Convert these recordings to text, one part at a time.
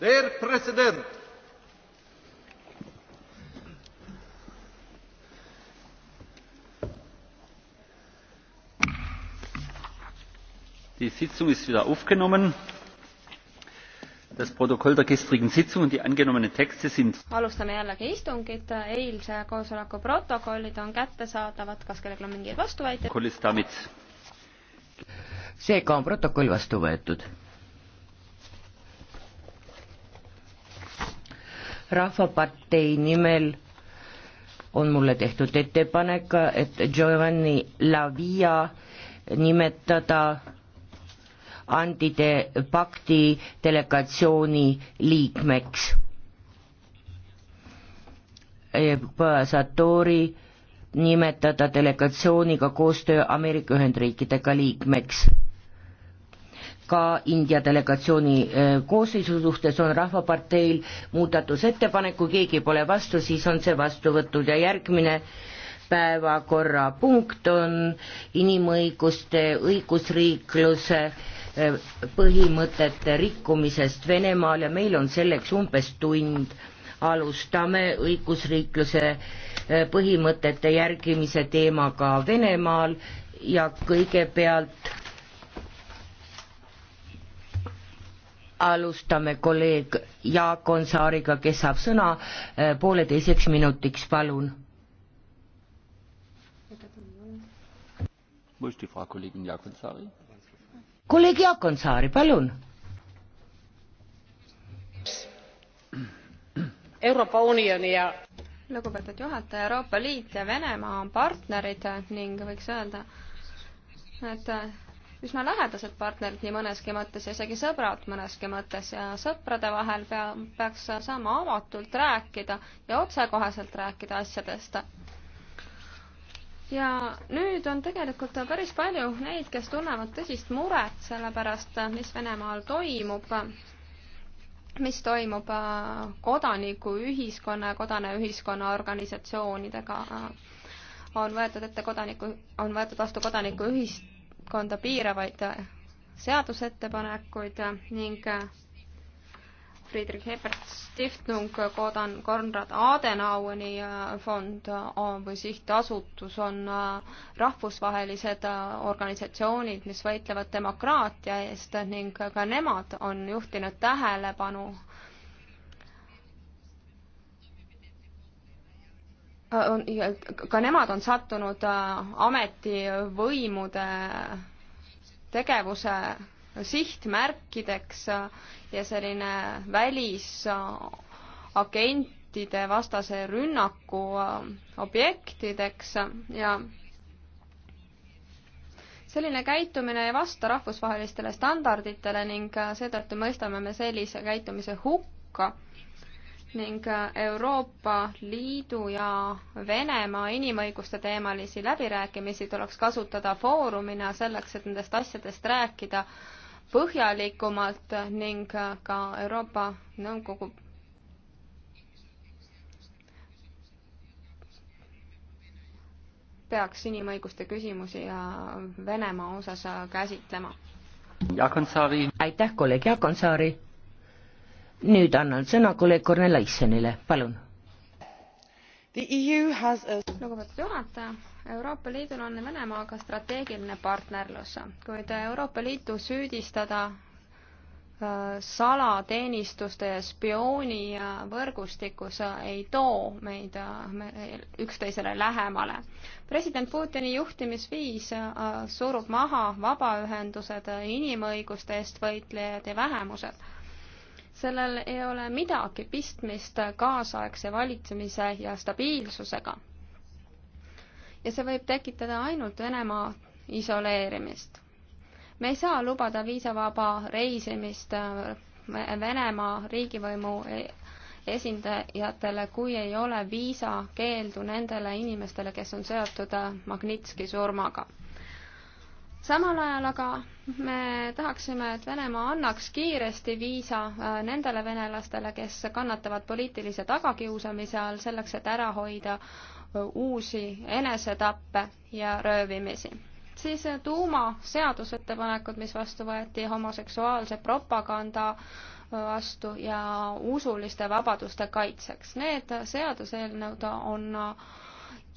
Dear President, die Sitzung ist wieder aufgenommen. Das Protokoll der gestrigen Sitzung und die angenommenen Texte sind. alustame jällegi istungit, eilse koosoleku protokollid on kättesaadavad, kas kellelgi on mingeid vastuväiteid? seega on protokoll vastu võetud. Rahvapartei nimel on mulle tehtud ettepanek, et Giovanni Lavia nimetada antide pakti delegatsiooni liikmeks. Satori nimetada delegatsiooniga koostöö Ameerika Ühendriikidega liikmeks ka India delegatsiooni äh, koosseisu suhtes on Rahvaparteil muudatusettepaneku, keegi pole vastu, siis on see vastu võtnud ja järgmine päevakorrapunkt on inimõiguste õigusriikluse äh, põhimõtete rikkumisest Venemaal ja meil on selleks umbes tund. alustame õigusriikluse äh, põhimõtete järgimise teemaga Venemaal ja kõigepealt alustame kolleeg Jaak Onsaariga, kes saab sõna eh, pooleteiseks minutiks, palun. kolleeg Jaak Onsaari, palun. Euroopa Unioni ja lugupeetud juhataja, Euroopa Liit ja Venemaa on partnerid ning võiks öelda, et üsna lähedased partnerid nii mõneski mõttes ja isegi sõbrad mõneski mõttes ja sõprade vahel pea, peaks saama avatult rääkida ja otsekoheselt rääkida asjadest. ja nüüd on tegelikult päris palju neid, kes tunnevad tõsist muret selle pärast, mis Venemaal toimub mis toimub äh, kodanikuühiskonna ja kodanikuühiskonna organisatsioonidega. on võetud ette kodaniku, on võetud vastu kodanikuühist-, valdkonda piiravaid seadusettepanekuid ning Friedrich Ebert Stiftung Kodan Konrad Adenaueni fond või sihtasutus on rahvusvahelised organisatsioonid, mis võitlevad demokraatia eest ning ka nemad on juhtinud tähelepanu Äh, ka nemad on sattunud äh, ametivõimude tegevuse sihtmärkideks äh, ja selline välisagentide vastase rünnaku objektideks ja selline käitumine ei vasta rahvusvahelistele standarditele ning seetõttu mõistame me sellise käitumise hukka ning äh, Euroopa Liidu ja Venemaa inimõiguste teemalisi läbirääkimisi tuleks kasutada foorumina selleks, et nendest asjadest rääkida põhjalikumalt ning äh, ka Euroopa Nõukogu peaks inimõiguste küsimusi ja äh, Venemaa osas käsitlema. aitäh, kolleeg Jaakonsaari! nüüd annan sõna kolleeg Kornel Aissonile, palun. E lugupeetud juhataja, Euroopa Liidul on Venemaaga strateegiline partnerlus, kuid Euroopa Liitu süüdistada äh, salateenistuste ja spiooni äh, võrgustikus äh, ei too meid üksteisele lähemale. president Putini juhtimisviis surub maha vabaühendused, inimõiguste eest võitlejad ja vähemused sellel ei ole midagi pistmist kaasaegse valitsemise ja stabiilsusega. ja see võib tekitada ainult Venemaa isoleerimist. me ei saa lubada viisavaba reisimist Venemaa riigivõimu e-, esindajatele, kui ei ole viisakeeldu nendele inimestele, kes on seotud Magnitski surmaga samal ajal aga me tahaksime, et Venemaa annaks kiiresti viisa äh, nendele venelastele, kes kannatavad poliitilise tagakiusamise all, selleks et ära hoida äh, uusi enesetappe ja röövimisi. siis äh, tuumaseadusettepanekud, mis vastu võeti homoseksuaalse propaganda vastu ja usuliste vabaduste kaitseks. Need seaduseelnõud on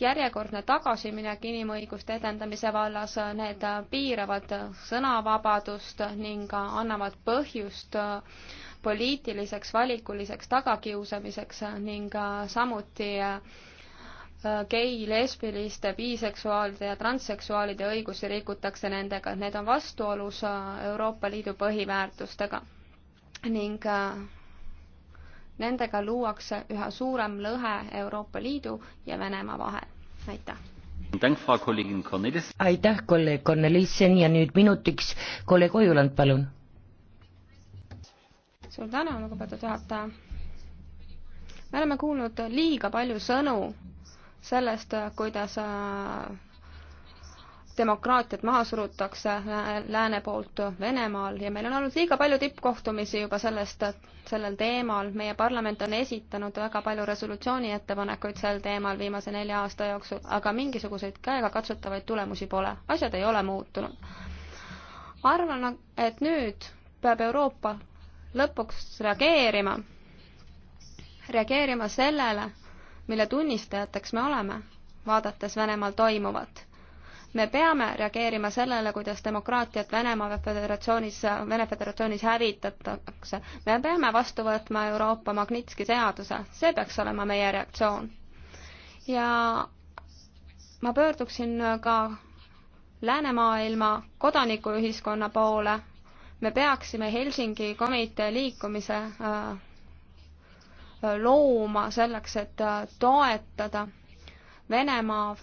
järjekordne tagasiminek inimõiguste edendamise vallas, need piiravad sõnavabadust ning annavad põhjust poliitiliseks valikuliseks tagakiusamiseks ning samuti gei, lesbiliste, biseksuaalide ja transseksuaalide õigusi rikutakse nendega, need on vastuolus Euroopa Liidu põhiväärtustega ning nendega luuakse üha suurem lõhe Euroopa Liidu ja Venemaa vahel. aitäh! aitäh, kolleeg Cornelissen ja nüüd minutiks kolleeg Ojuland, palun! suur tänu, lugupeetud juhataja! me oleme kuulnud liiga palju sõnu sellest, kuidas äh, demokraatiat maha surutakse lääne poolt Venemaal ja meil on olnud liiga palju tippkohtumisi juba sellest, sellel teemal. meie parlament on esitanud väga palju resolutsiooni ettepanekuid sel teemal viimase nelja aasta jooksul, aga mingisuguseid käegakatsutavaid tulemusi pole. asjad ei ole muutunud. arvan, et nüüd peab Euroopa lõpuks reageerima, reageerima sellele, mille tunnistajateks me oleme, vaadates Venemaal toimuvat me peame reageerima sellele, kuidas demokraatiat Venemaa Föderatsioonis, Vene Föderatsioonis hävitatakse. me peame vastu võtma Euroopa Magnitski seaduse, see peaks olema meie reaktsioon. ja ma pöörduksin ka läänemaailma kodanikuühiskonna poole, me peaksime Helsingi komitee liikumise äh, looma selleks, et äh, toetada Venemaa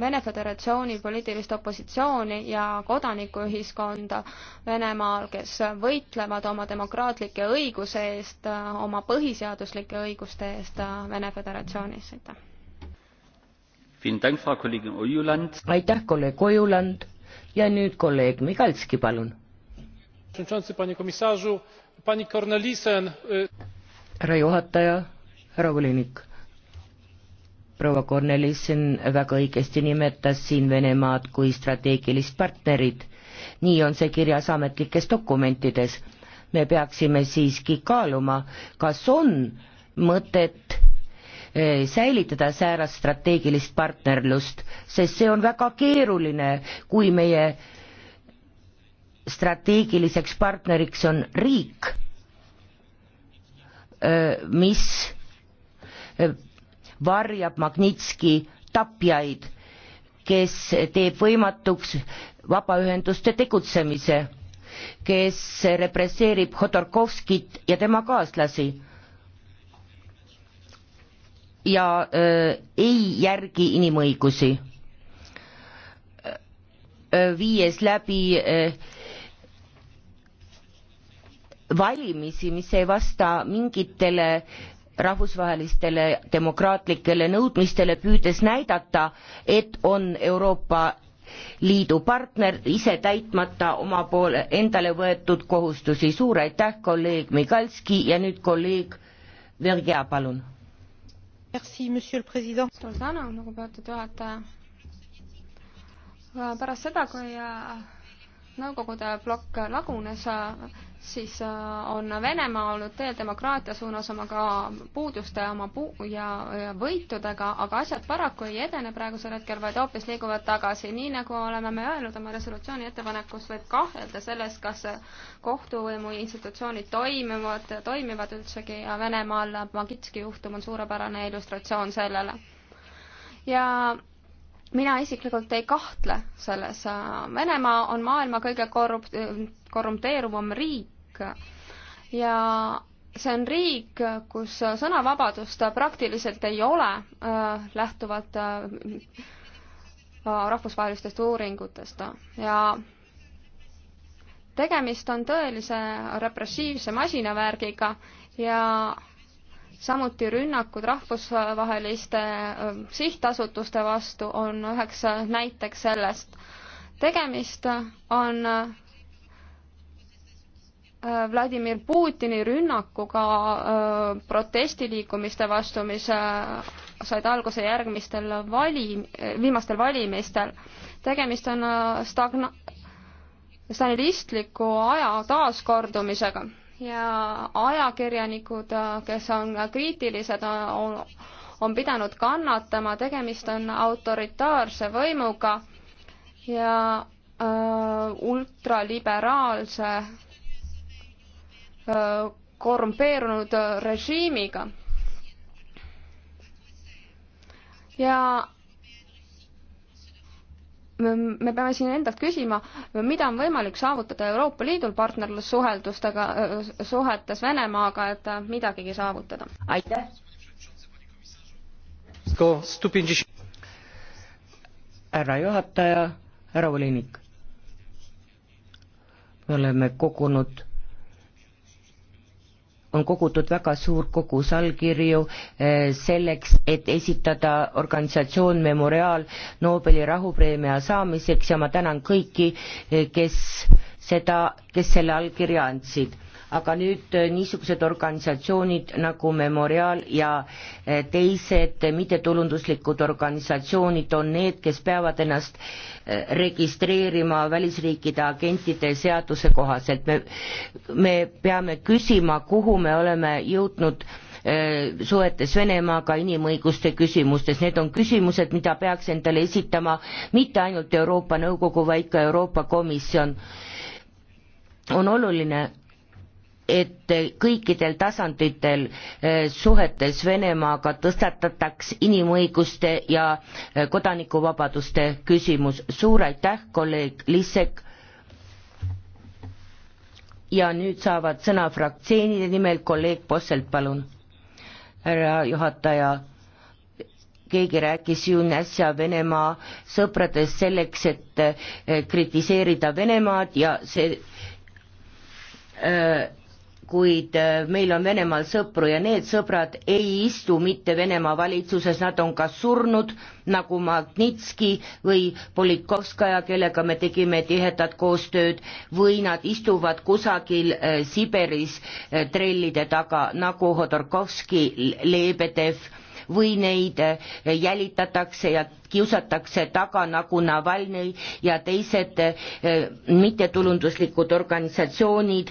Vene Föderatsiooni poliitilist opositsiooni ja kodanikuühiskonda Venemaal, kes võitlevad oma demokraatlike õiguse eest, oma põhiseaduslike õiguste eest Vene Föderatsioonis, aitäh. aitäh, kolleeg Ojuland ja nüüd kolleeg Migalski, palun. härra juhataja, härra volinik proua Kornelissen väga õigesti nimetas siin Venemaad kui strateegilist partnerit. nii on see kirjas ametlikes dokumentides. me peaksime siiski kaaluma, kas on mõtet eh, säilitada säärast strateegilist partnerlust, sest see on väga keeruline, kui meie strateegiliseks partneriks on riik, eh, mis eh, varjab Magnitski tapjaid, kes teeb võimatuks vabaühenduste tegutsemise, kes represseerib Hodorkovskit ja tema kaaslasi ja öö, äh, ei järgi inimõigusi, äh, äh, viies läbi öö, valimisi, mis ei vasta mingitele rahvusvahelistele demokraatlikele nõudmistele püüdes näidata et on euroopa liidu partner ise täitmata oma poole endale võetud kohustusi suur aitäh kolleeg migalski ja nüüd kolleeg vergia palun Merci, monsieur le président. suur tänu lugupeetud juhataja pärast seda kui äh, Nõukogude plokk lagunes, siis äh, on Venemaa olnud teel demokraatia suunas oma ka puuduste oma puu- ja, ja võitudega, aga asjad paraku ei edene praegusel hetkel, vaid hoopis liiguvad tagasi. nii nagu oleme me öelnud oma resolutsiooni ettepanekus, võib kahelda selles, kas kohtuvõimu institutsioonid toimivad, toimivad üldsegi ja Venemaal Magitski juhtum on suurepärane illustratsioon sellele. ja mina isiklikult ei kahtle selles. Venemaa on maailma kõige korrup-, korrumpeeruvam riik ja see on riik, kus sõnavabadust praktiliselt ei ole äh,, lähtuvalt äh, rahvusvahelistest uuringutest ja tegemist on tõelise repressiivse masinavärgiga ja samuti rünnakud rahvusvaheliste ähm, sihtasutuste vastu on üheks äh, näiteks sellest. tegemist on äh, Vladimir Putini rünnakuga äh, protestiliikumiste vastu, mis said alguse järgmistel vali-, viimastel valimistel. tegemist on stagna-, stalinistliku aja taaskordumisega ja ajakirjanikud, kes on kriitilised, on pidanud kannatama, tegemist on autoritaarse võimuga ja äh, ultraliberaalse äh, korrumpeerunud režiimiga. ja me peame siin endalt küsima, mida on võimalik saavutada Euroopa Liidul partnerlussuheldustega, suhetes Venemaaga, et midagigi saavutada. aitäh! härra juhataja, härra volinik. me oleme kogunud on kogutud väga suur kogus allkirju eh, selleks, et esitada organisatsioon Memoriaal Nobeli rahupreemia saamiseks ja ma tänan kõiki, eh, kes seda, kes selle allkirja andsid aga nüüd äh, niisugused organisatsioonid nagu Memorial ja äh, teised mittetulunduslikud organisatsioonid on need, kes peavad ennast äh, registreerima välisriikide agentide seaduse kohaselt. me, me peame küsima, kuhu me oleme jõudnud suhetes Venemaaga inimõiguste küsimustes. Need on küsimused, mida peaks endale esitama mitte ainult Euroopa Nõukogu, vaid ka Euroopa Komisjon. on oluline et kõikidel tasanditel eh, suhetes Venemaaga tõstatataks inimõiguste ja eh, kodanikuvabaduste küsimus. suur aitäh, kolleeg Lissek. ja nüüd saavad sõna fraktsioonide nimel kolleeg Posselt, palun. härra juhataja, keegi rääkis ju äsja Venemaa sõpradest selleks, et eh, kritiseerida Venemaad ja see öö, kuid äh, meil on Venemaal sõpru ja need sõbrad ei istu mitte Venemaa valitsuses, nad on kas surnud nagu Magnitski või Politkovskaja, kellega me tegime tihedat koostööd, või nad istuvad kusagil äh, Siberis äh, trellide taga nagu Hodorkovski, Lebedev või neid jälitatakse ja kiusatakse taga nagu Navalnõi ja teised mittetulunduslikud organisatsioonid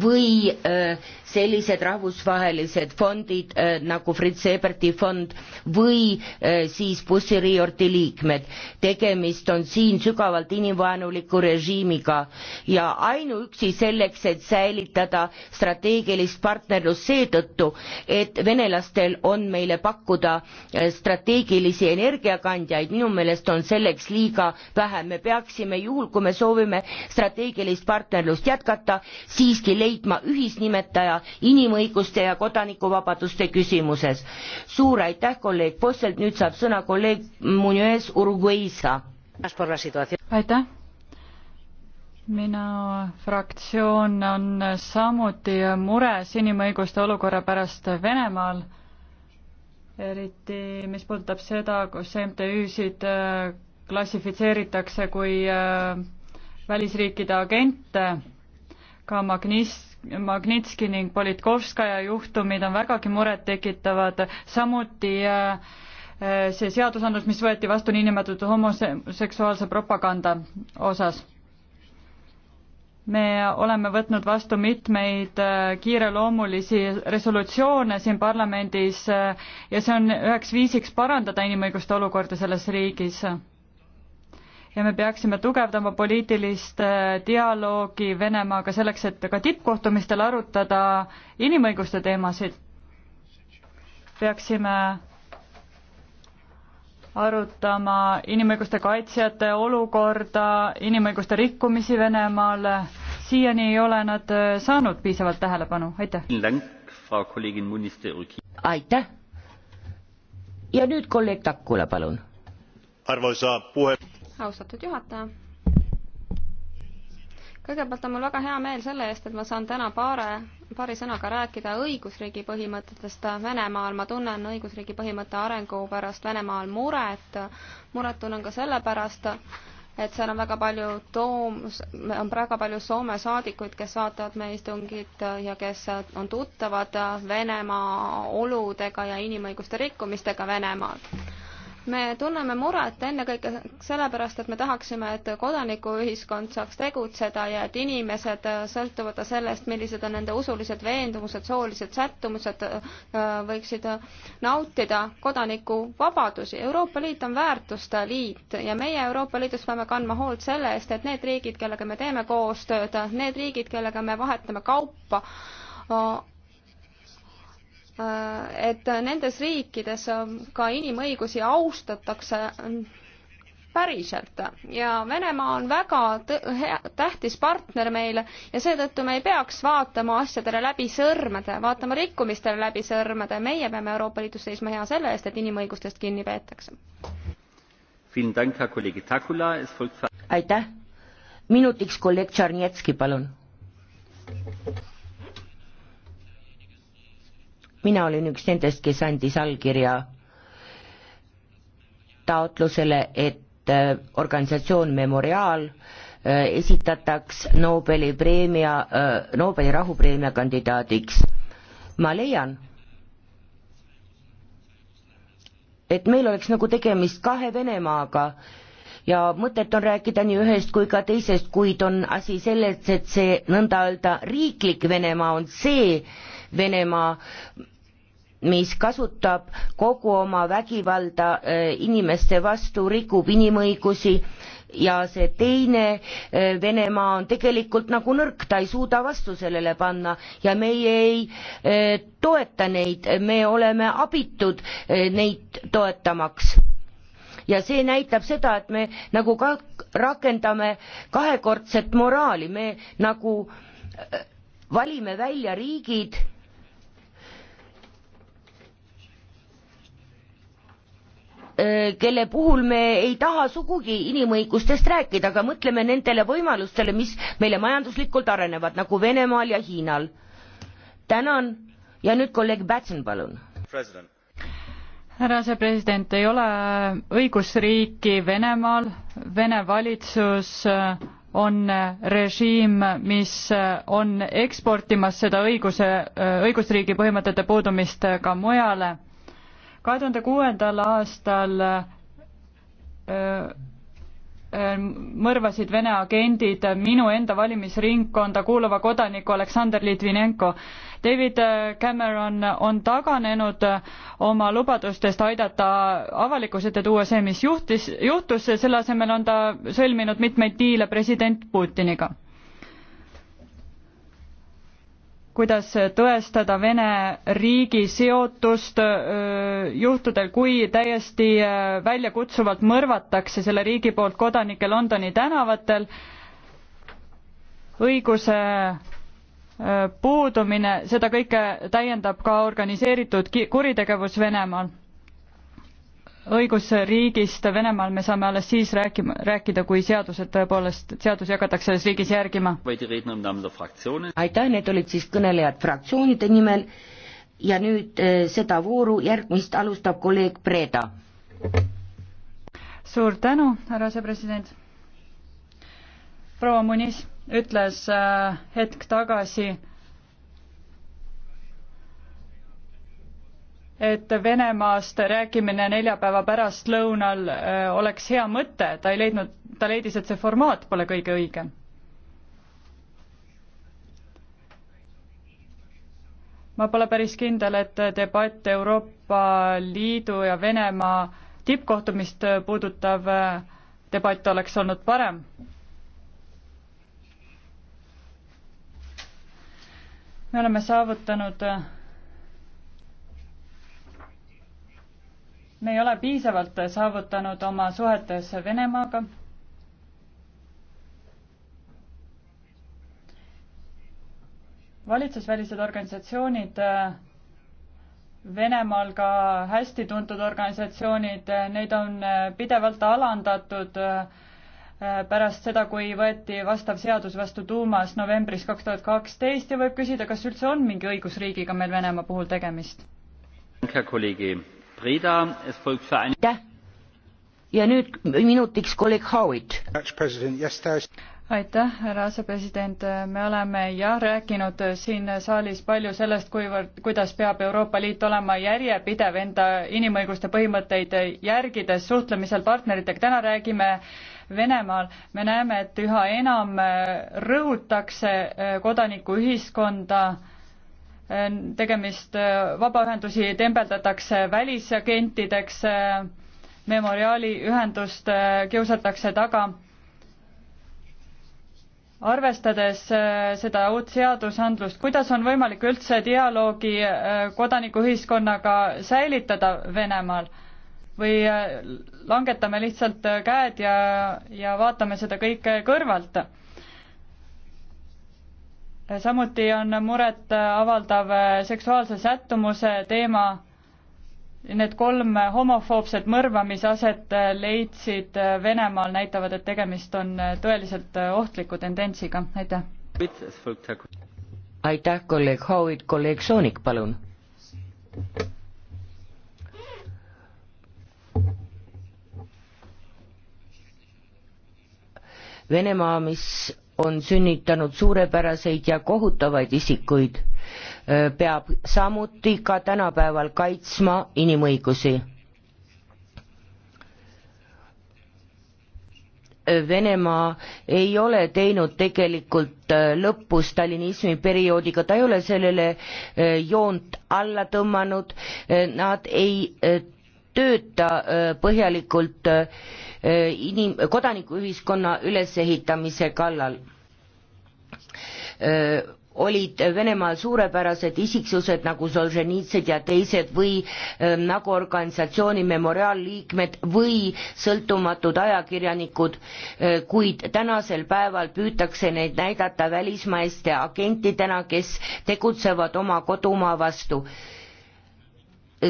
või äh, sellised rahvusvahelised fondid äh, nagu Fritz Eberti fond või äh, siis Bussi Riiorti liikmed. tegemist on siin sügavalt inimvaenuliku režiimiga ja ainuüksi selleks, et säilitada strateegilist partnerlust seetõttu, et venelastel on meile pakkuda strateegilisi energiakandjaid, minu meelest on selleks liiga vähe, me peaksime juhul, kui me soovime strateegilist partnerlust jätkata, siiski leidma ühisnimetaja inimõiguste ja kodanikuvabaduste küsimuses. suur aitäh, kolleeg Posselt, nüüd saab sõna kolleeg Munoz Uruguaysa. aitäh minu fraktsioon on samuti mures inimõiguste olukorra pärast Venemaal, eriti mis puudutab seda, kus MTÜ-sid äh, klassifitseeritakse kui äh, välisriikide agente ka Magnis-, Magnitski ning Politkovskaja juhtumid on vägagi murettekitavad, samuti äh, äh, see seadusandlus, mis võeti vastu niinimetatud homoseksuaalse propaganda osas. me oleme võtnud vastu mitmeid äh, kiireloomulisi resolutsioone siin parlamendis ja see on üheks viisiks parandada inimõiguste olukorda selles riigis ja me peaksime tugevdama poliitilist äh, dialoogi Venemaaga selleks, et ka tippkohtumistel arutada inimõiguste teemasid. peaksime arutama inimõiguste kaitsjate olukorda, inimõiguste rikkumisi Venemaal, siiani ei ole nad äh, saanud piisavalt tähelepanu, aitäh. aitäh. ja nüüd kolleeg Takula, palun. arvoisa puhemies austatud juhataja. kõigepealt on mul väga hea meel selle eest, et ma saan täna paare, paari sõnaga rääkida õigusriigi põhimõtetest Venemaal. ma tunnen õigusriigi põhimõtte arengu pärast Venemaal muret. muret tunnen ka sellepärast, et seal on väga palju toom-, on väga palju Soome saadikuid, kes vaatavad meie istungit ja kes on tuttavad Venemaa oludega ja inimõiguste rikkumistega Venemaal me tunneme muret ennekõike sellepärast, et me tahaksime, et kodanikuühiskond saaks tegutseda ja et inimesed, äh, sõltumata sellest, millised on nende usulised veendumused, soolised sättumused, äh, võiksid äh, nautida kodanikuvabadusi. Euroopa Liit on väärtuste liit ja meie Euroopa Liidus peame kandma hoolt selle eest, et need riigid, kellega me teeme koostööd, need riigid, kellega me vahetame kaupa, Äh, et nendes riikides ähm, ka inimõigusi austatakse ähm, päriselt ja Venemaa on väga tähtis partner meile ja seetõttu me ei peaks vaatama asjadele läbi sõrmede, vaatama rikkumistele läbi sõrmede, meie peame Euroopa Liidus seisma hea selle eest, et inimõigustest kinni peetakse. aitäh, minutiks kolleeg Tšarnetski, palun mina olin üks nendest, kes andis allkirja taotlusele, et äh, organisatsioon Memoriaal äh, esitataks Nobeli preemia, äh, Nobeli rahupreemia kandidaadiks. ma leian, et meil oleks nagu tegemist kahe Venemaaga ja mõtet on rääkida nii ühest kui ka teisest, kuid on asi selles, et see nõnda öelda riiklik Venemaa on see Venemaa, mis kasutab kogu oma vägivalda äh, inimeste vastu, rikub inimõigusi ja see teine äh, Venemaa on tegelikult nagu nõrk, ta ei suuda vastu sellele panna ja meie ei äh, toeta neid, me oleme abitud neid toetamaks. ja see näitab seda, et me nagu ka rakendame kahekordset moraali, me nagu valime välja riigid kelle puhul me ei taha sugugi inimõigustest rääkida, aga mõtleme nendele võimalustele, mis meile majanduslikult arenevad, nagu Venemaal ja Hiinal. tänan ja nüüd kolleeg Batson, palun. härra asepresident, ei ole õigusriiki Venemaal, Vene valitsus äh, on äh, režiim, mis äh, on eksportimas seda õiguse, õigusriigi põhimõtete puudumist ka mujale kahe tuhande kuuendal aastal mõrvasid Vene agendid minu enda valimisringkonda kuuluva kodaniku Aleksander Litvinenko. David Cameron on taganenud oma lubadustest aidata avalikkuse ette tuua see, mis juhtis, juhtus, selle asemel on ta sõlminud mitmeid diile president Putiniga kuidas tõestada Vene riigi seotust juhtudel, kui täiesti väljakutsuvalt mõrvatakse selle riigi poolt kodanikke Londoni tänavatel. õiguse puudumine, seda kõike täiendab ka organiseeritud kuritegevus Venemaal õigusriigist Venemaal me saame alles siis rääkima, rääkida, kui seadused tõepoolest, seadusi hakatakse selles riigis järgima. aitäh, need olid siis kõnelejad fraktsioonide nimel ja nüüd äh, seda vooru järgmist alustab kolleeg Breda. suur tänu, härra asepresident. proua Munis ütles äh, hetk tagasi, et Venemaast rääkimine neljapäeva pärastlõunal äh, oleks hea mõte, ta ei leidnud, ta leidis, et see formaat pole kõige õigem. ma pole päris kindel, et debatt Euroopa Liidu ja Venemaa tippkohtumist puudutav äh, debatt oleks olnud parem. me oleme saavutanud äh, me ei ole piisavalt saavutanud oma suhetes Venemaaga. valitsusvälised organisatsioonid Venemaal ka hästi tuntud organisatsioonid, neid on pidevalt alandatud eh, pärast seda, kui võeti vastav seadus vastu tuumas novembris kaks tuhat kaksteist ja võib küsida, kas üldse on mingi õigusriigiga meil Venemaa puhul tegemist. kolleeg aitäh! ja nüüd minutiks kolleeg Howitt. aitäh, härra asepresident, me oleme jah rääkinud siin saalis palju sellest, kuivõrd, kuidas peab Euroopa Liit olema järjepidev enda inimõiguste põhimõtteid järgides suhtlemisel partneritega, täna räägime Venemaal me näeme, et üha enam rõhutakse kodanikuühiskonda äh, tegemist, vabaühendusi tembeldatakse välisagentideks, memoriaali ühendust kiusatakse taga. arvestades seda uut seadusandlust, kuidas on võimalik üldse dialoogi äh, kodanikuühiskonnaga säilitada Venemaal? või äh, langetame lihtsalt käed ja, ja vaatame seda kõike kõrvalt samuti on muret avaldav seksuaalse sättumuse teema. Need kolm homofoobset mõrva, mis aset leidsid Venemaal, näitavad, et tegemist on tõeliselt ohtliku tendentsiga. aitäh. aitäh, kolleeg Howitt, kolleeg Soonik, palun. Venemaa, mis on sünnitanud suurepäraseid ja kohutavaid isikuid, peab samuti ka tänapäeval kaitsma inimõigusi. Venemaa ei ole teinud tegelikult lõppu stalinismi perioodiga, ta ei ole sellele joont alla tõmmanud, nad ei tööta põhjalikult inim-, kodanikuühiskonna ülesehitamise kallal. olid Venemaal suurepärased isiksused nagu Solženitsõd ja teised või nagu organisatsiooni Memorial liikmed või sõltumatud ajakirjanikud, kuid tänasel päeval püütakse neid näidata välismaiste agentidena, kes tegutsevad oma kodumaa vastu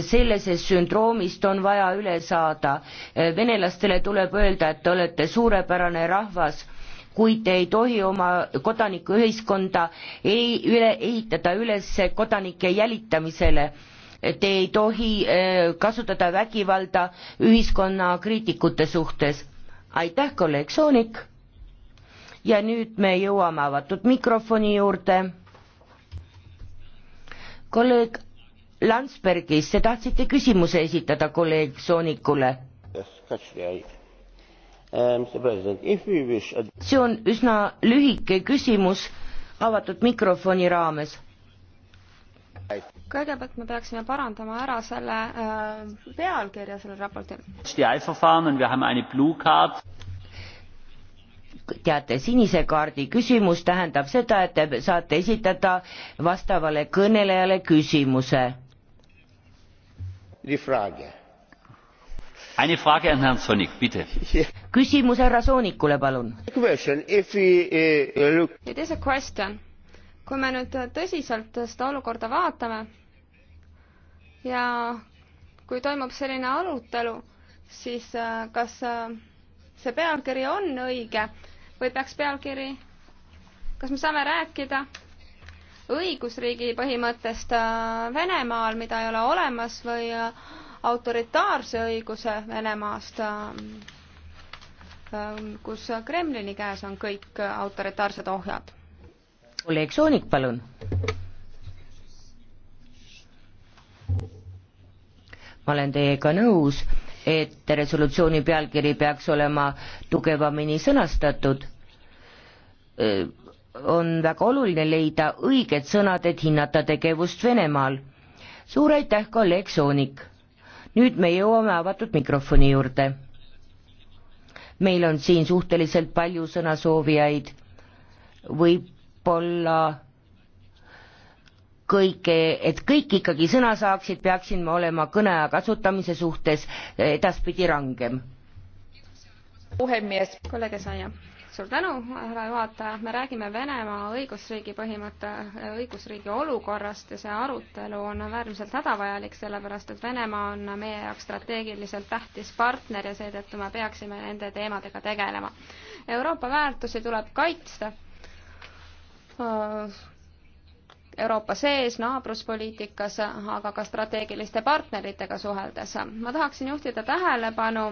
sellisest sündroomist on vaja üle saada. venelastele tuleb öelda, et te olete suurepärane rahvas, kuid te ei tohi oma kodanikuühiskonda ei üle, ehitada üles kodanike jälitamisele. Te ei tohi eh, kasutada vägivalda ühiskonna kriitikute suhtes. aitäh, kolleeg Soonik! ja nüüd me jõuame avatud mikrofoni juurde. kolleeg Landsbergis, te tahtsite küsimuse esitada kolleeg Soonikule yes,? Um, wish... see on üsna lühike küsimus avatud mikrofoni raames kõigepealt me peaksime parandama ära selle äh, pealkirja sellel raportil. teate, sinise kaardi küsimus tähendab seda, et te saate esitada vastavale kõnelejale küsimuse die Frage. Eine Frage an Herrn Sonik, bitte. Küsimus härra Soonikule, palun. Question, if we, uh, look... It is a question. Kui me nüüd tõsiselt seda olukorda vaatame ja kui toimub selline arutelu, siis eh, kas see pealkiri on õige või peaks pealkiri, kas me saame rääkida õigusriigi põhimõttest äh, Venemaal, mida ei ole olemas, või äh, autoritaarse õiguse Venemaast, äh, kus Kremlini käes on kõik autoritaarsed ohjad. kolleeg Soonik, palun. ma olen teiega nõus, et resolutsiooni pealkiri peaks olema tugevamini sõnastatud on väga oluline leida õiged sõnad, et hinnata tegevust Venemaal. suur aitäh, kolleeg Soonik! nüüd me jõuame avatud mikrofoni juurde. meil on siin suhteliselt palju sõnasoovijaid, võib-olla kõike, et kõik ikkagi sõna saaksid, peaksin ma olema kõneaja kasutamise suhtes edaspidi rangem. puhemees, kolleeg Saia suur tänu, härra juhataja, me räägime Venemaa õigusriigi põhimõtte, õigusriigi olukorrast ja see arutelu on äärmiselt hädavajalik, sellepärast et Venemaa on meie jaoks strateegiliselt tähtis partner ja seetõttu me peaksime nende teemadega tegelema. Euroopa väärtusi tuleb kaitsta Euroopa sees, naabruspoliitikas, aga ka strateegiliste partneritega suheldes. ma tahaksin juhtida tähelepanu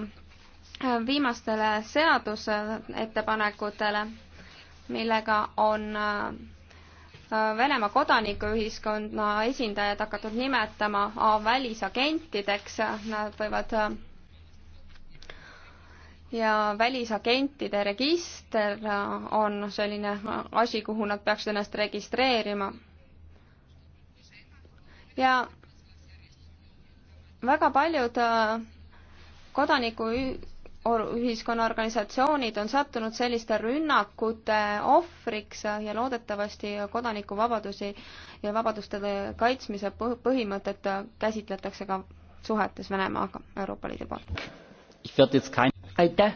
viimastele seadusettepanekutele, millega on äh, Venemaa kodanikuühiskonna esindajad hakatud nimetama välisagentideks, nad võivad äh, ja välisagentide register äh, on selline asi, kuhu nad peaksid ennast registreerima. ja väga paljud kodaniku ühiskonnaorganisatsioonid on sattunud selliste rünnakute ohvriks ja loodetavasti kodanikuvabadusi ja vabaduste kaitsmise põhimõtet käsitletakse ka suhetes Venemaaga Euroopa Liidu poolt. aitäh!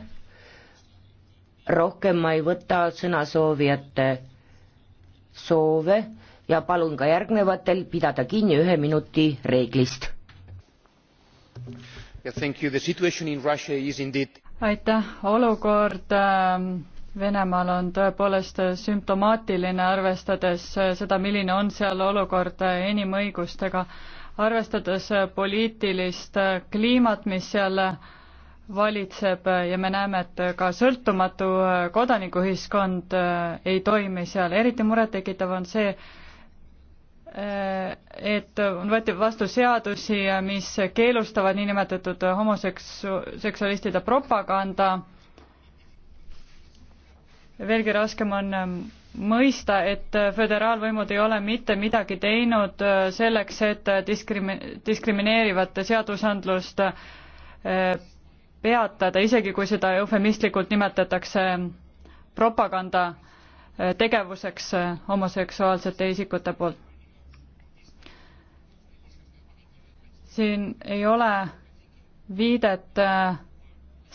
rohkem ma ei võta sõnasoovijate soove ja palun ka järgnevatel pidada kinni ühe minuti reeglist aitäh, olukord ähm, Venemaal on tõepoolest äh, sümptomaatiline, arvestades äh, seda, milline on seal olukord äh, inimõigustega, arvestades poliitilist kliimat, mis seal valitseb ja me näeme, et ka sõltumatu kodanikuühiskond ei toimi seal, eriti murettekitav on see, Äh, et on võetud vastu seadusi, mis keelustavad niinimetatud homoseksualistide propaganda. veelgi raskem on ähm, mõista, et föderaalvõimud ei ole mitte midagi teinud äh, selleks, et diskrimi-, diskrimineerivat seadusandlust äh, peatada, isegi kui seda eufemistlikult nimetatakse propaganda tegevuseks homoseksuaalsete isikute poolt siin ei ole viidet äh,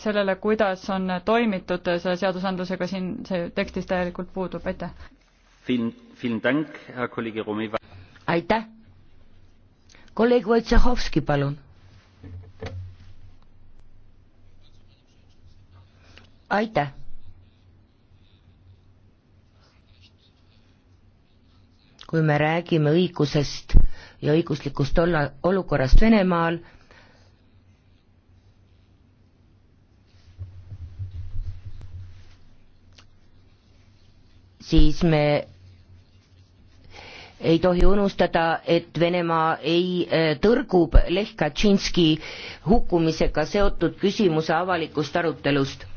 sellele, kuidas on toimitud selle seadusandlusega, siin see tekstis täielikult puudub, aitäh. aitäh. kolleeg Wojciechowski, palun. aitäh. kui me räägime õigusest ja õiguslikust olla, olukorrast Venemaal, siis me ei tohi unustada, et Venemaa ei äh, tõrgub Lech Kaczynski hukkumisega seotud küsimuse avalikust arutelust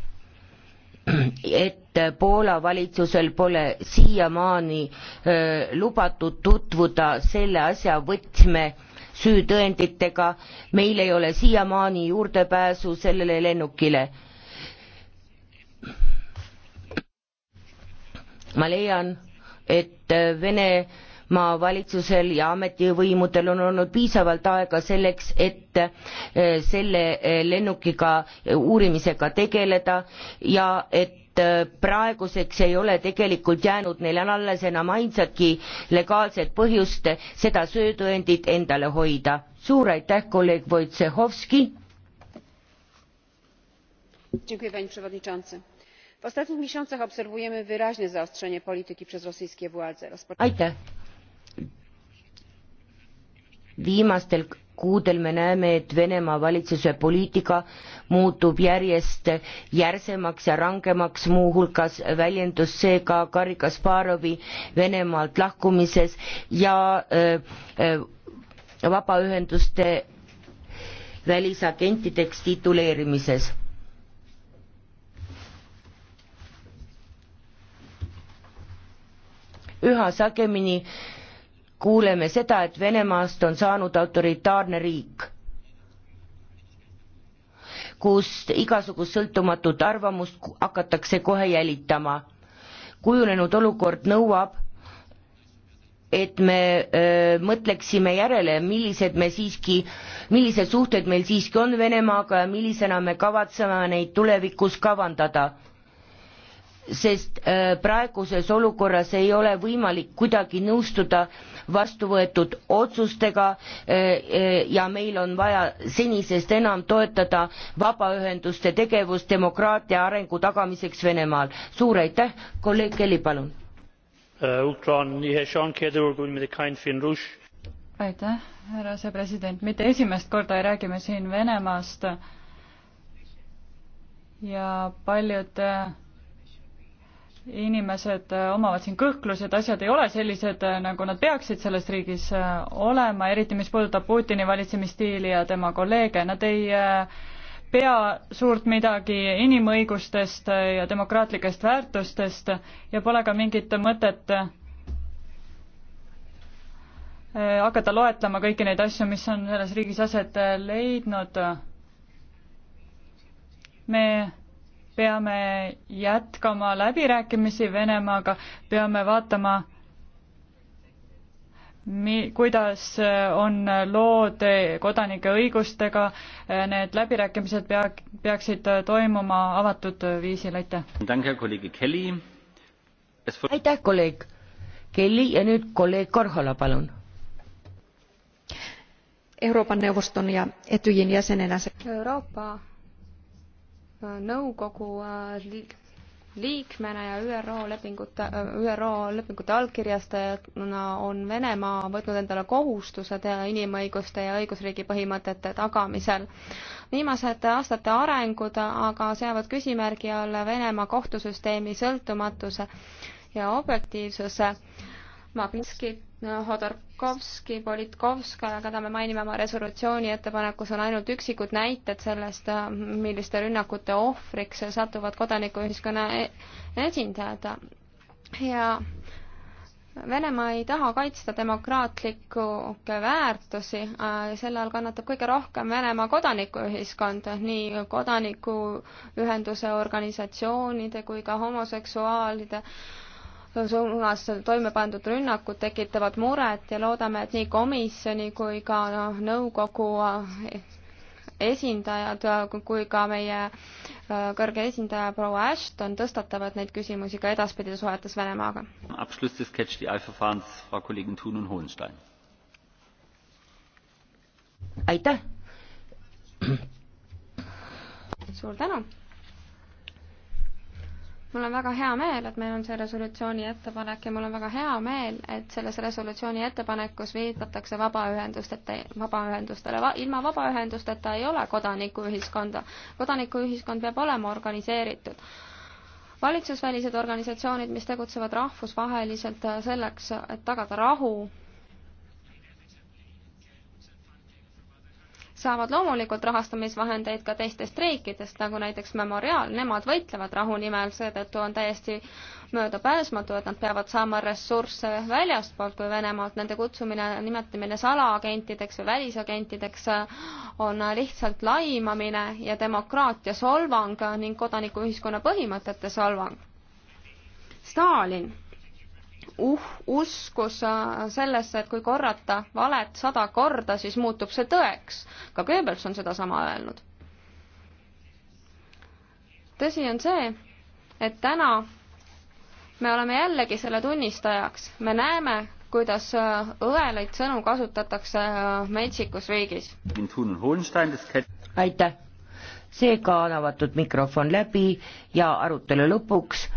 et Poola valitsusel pole siiamaani lubatud tutvuda selle asja võtme süütõenditega, meil ei ole siiamaani juurdepääsu sellele lennukile. ma leian, et Vene maavalitsusel ja ametivõimudel on olnud piisavalt aega selleks et eh, selle eh, lennukiga eh, uurimisega tegeleda ja et praeguseks ei ole tegelikult jäänud neil alles enam ainsatki legaalset põhjust seda söetõendit endale hoida. suur aitäh kolleeg wojciechowski! panie przewodniczący! w ostatnich miesiącach obserwujemy wyraźne zaostrzenie polityki przez rosyjskie władze viimastel kuudel me näeme, et Venemaa valitsuse poliitika muutub järjest järsemaks ja rangemaks, muuhulgas väljendus see ka Garri Kasparovi Venemaalt lahkumises ja öö, öö, vabaühenduste välisagentideks tituleerimises. üha sagemini kuuleme seda, et Venemaast on saanud autoritaarne riik, kus igasugust sõltumatut arvamust hakatakse kohe jälitama. kujunenud olukord nõuab, et me öö, mõtleksime järele, millised me siiski, millised suhted meil siiski on Venemaaga ja millisena me kavatseme neid tulevikus kavandada sest äh, praeguses olukorras ei ole võimalik kuidagi nõustuda vastu võetud otsustega äh, äh, ja meil on vaja senisest enam toetada vabaühenduste tegevust demokraatia arengu tagamiseks venemaal. suur aitäh kolleeg kelly palun! aitäh härra asepresident mitte esimest korda ei räägi me siin venemaast ja paljud inimesed äh, omavad siin kõhklused, asjad ei ole sellised, äh, nagu nad peaksid selles riigis äh, olema, eriti mis puudutab Putini valitsemisstiili ja tema kolleege, nad ei pea suurt midagi inimõigustest ja demokraatlikest väärtustest ja pole ka mingit mõtet hakata loetlema kõiki neid asju, mis on selles riigis aset leidnud. me peame jätkama läbirääkimisi Venemaaga, peame vaatama, mi-, kuidas on lood kodanike õigustega, need läbirääkimised pea-, peaksid toimuma avatud viisil, aitäh! aitäh, kolleeg Kelly ja nüüd kolleeg Korhola, palun! Euroopan neuvoston ja Etyjin jäsenenä Euroopa nõukogu äh, liikmena ja ÜRO lepingute, äh, ÜRO lepingute allkirjastajana on Venemaa võtnud endale kohustused inimõiguste ja õigusriigi põhimõtete tagamisel. viimased aastate arengud aga seavad küsimärgi alla Venemaa kohtusüsteemi sõltumatuse ja objektiivsuse Magnitski, Hodorkovski, Politkovskaja, keda me mainime oma resolutsiooni ettepanekus, on ainult üksikud näited sellest, milliste rünnakute ohvriks satuvad kodanikuühiskonna e-, esindajad. ja Venemaa ei taha kaitsta demokraatlikke väärtusi, selle all kannatab kõige rohkem Venemaa kodanikuühiskond, nii kodanikuühenduse organisatsioonide kui ka homoseksuaalide äh, suunas toime pandud rünnakud tekitavad muret ja loodame, et nii komisjoni kui ka noh, nõukogu eh, esindajad kui ka meie eh, kõrge esindaja proua Ashton tõstatavad neid küsimusi ka edaspidi suhetes Venemaaga. aitäh! suur tänu! mul on väga hea meel, et meil on see resolutsiooni ettepanek ja mul on väga hea meel, et selles resolutsiooni ettepanekus viidatakse vabaühendusteta, vabaühendustele. ilma vabaühendusteta ei ole kodanikuühiskonda. kodanikuühiskond peab olema organiseeritud valitsusvälised organisatsioonid, mis tegutsevad rahvusvaheliselt selleks, et tagada rahu saavad loomulikult rahastamisvahendeid ka teistest riikidest, nagu näiteks Memorial, nemad võitlevad rahu nimel, seetõttu on täiesti möödapääsmatu, et nad peavad saama ressursse väljastpoolt kui Venemaalt, nende kutsumine, nimetamine salaagentideks või välisagentideks äh, on lihtsalt laimamine ja demokraatia solvang ning kodanikuühiskonna põhimõtete solvang. Stalin uh, uskus sellesse, et kui korrata valet sada korda, siis muutub see tõeks. ka Goebbels on sedasama öelnud. tõsi on see, et täna me oleme jällegi selle tunnistajaks, me näeme, kuidas äh, õelaid sõnu kasutatakse äh, metsikus riigis. aitäh, seega on avatud mikrofon läbi ja arutelu lõpuks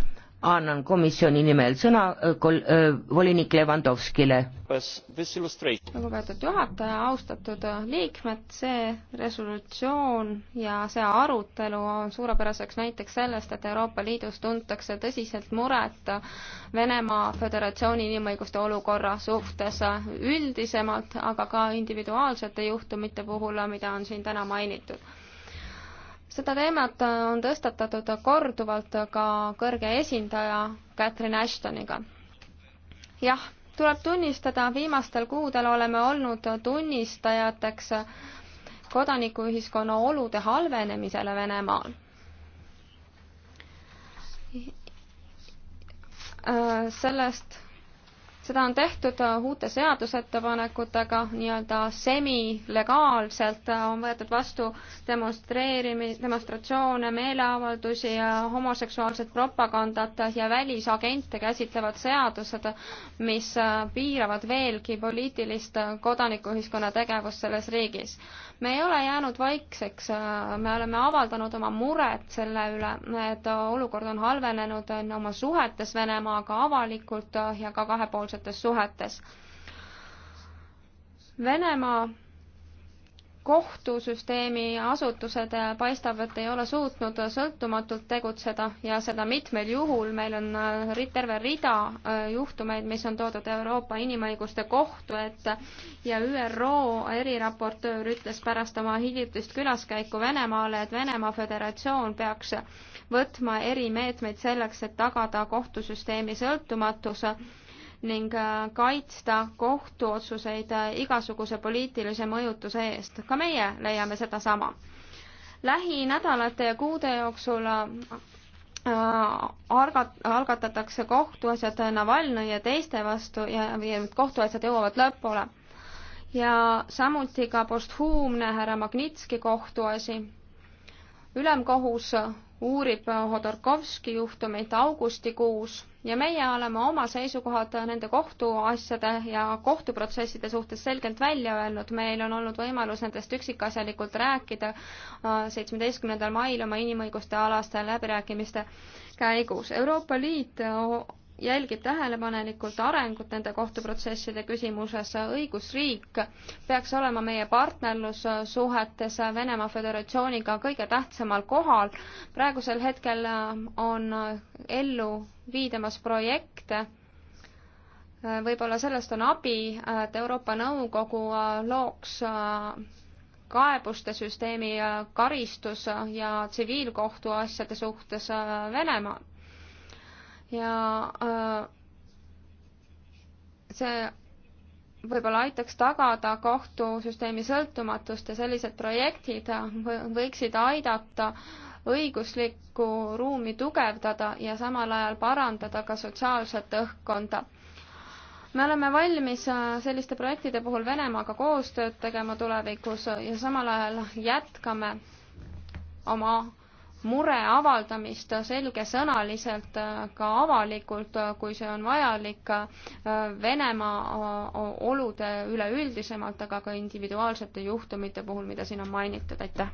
annan komisjoni nimel sõna äh, kol-, äh, volinik Levandovskile. lugupeetud juhataja, austatud äh, liikmed, see resolutsioon ja see arutelu on suurepäraseks näiteks sellest, et Euroopa Liidus tuntakse tõsiselt muret Venemaa Föderatsiooni inimõiguste olukorra suhtes üldisemalt, aga ka individuaalsete juhtumite puhul, mida on siin täna mainitud seda teemat äh, on tõstatatud korduvalt ka kõrge esindaja Catherine Ashtoniga. jah, tuleb tunnistada, viimastel kuudel oleme olnud tunnistajateks kodanikuühiskonna olude halvenemisele Venemaal. Äh, sellest seda on tehtud äh, uute seadusettepanekutega nii-öelda semilegaalselt, äh, on võetud vastu demonstreerimis, demonstratsioone, meeleavaldusi ja homoseksuaalset propagandat ja välisagente käsitlevad seadused, mis äh, piiravad veelgi poliitilist kodanikuühiskonna tegevust selles riigis me ei ole jäänud vaikseks, äh, me oleme avaldanud oma muret selle üle, et olukord on halvenenud oma suhetes Venemaaga avalikult ja ka kahepoolsetes suhetes. Venemaa kohtusüsteemi asutused äh, paistab, et ei ole suutnud sõltumatult tegutseda ja seda mitmel juhul. meil on äh, terve rida äh, juhtumeid, mis on toodud Euroopa Inimõiguste Kohtu ette ja ÜRO eriraportöör ütles pärast oma hiljutist külaskäiku Venemaale, et Venemaa Föderatsioon peaks võtma erimeetmeid selleks, et tagada kohtusüsteemi sõltumatuse ning äh, kaitsta kohtuotsuseid äh, igasuguse poliitilise mõjutuse eest. ka meie leiame sedasama. lähinädalate ja kuude jooksul äh, algat-, algatatakse kohtuasjad Navalnõi ja teiste vastu ja, ja kohtuasjad jõuavad lõpule. ja samuti ka posthuumne härra Magnitski kohtuasi. ülemkohus uurib Hodorkovski juhtumit augustikuus ja meie oleme oma seisukohad nende kohtuasjade ja kohtuprotsesside suhtes selgelt välja öelnud. meil on olnud võimalus nendest üksikasjalikult rääkida äh, seitsmeteistkümnendal mail oma inimõiguste alaste läbirääkimiste käigus. Euroopa Liit jälgib tähelepanelikult arengut nende kohtuprotsesside küsimuses. õigusriik peaks olema meie partnerlussuhetes Venemaa Föderatsiooniga kõige tähtsamal kohal. praegusel hetkel on ellu viidamas projekte, võib-olla sellest on abi, et Euroopa Nõukogu looks kaebuste süsteemi karistus- ja tsiviilkohtuasjade suhtes Venemaal ja äh, see võib-olla aitaks tagada kohtusüsteemi sõltumatust ja sellised projektid võiksid aidata õiguslikku ruumi tugevdada ja samal ajal parandada ka sotsiaalset õhkkonda. me oleme valmis äh, selliste projektide puhul Venemaaga koostööd tegema tulevikus ja samal ajal jätkame oma mure avaldamist selgesõnaliselt äh, ka avalikult, äh, kui see on vajalik äh, Venemaa olude üleüldisemalt, aga ka individuaalsete juhtumite puhul, mida siin on mainitud, aitäh.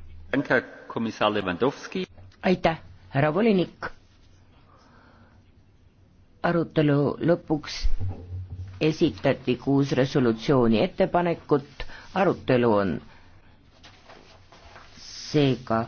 aitäh, härra volinik. arutelu lõpuks esitati kuus resolutsiooni ettepanekut, arutelu on seega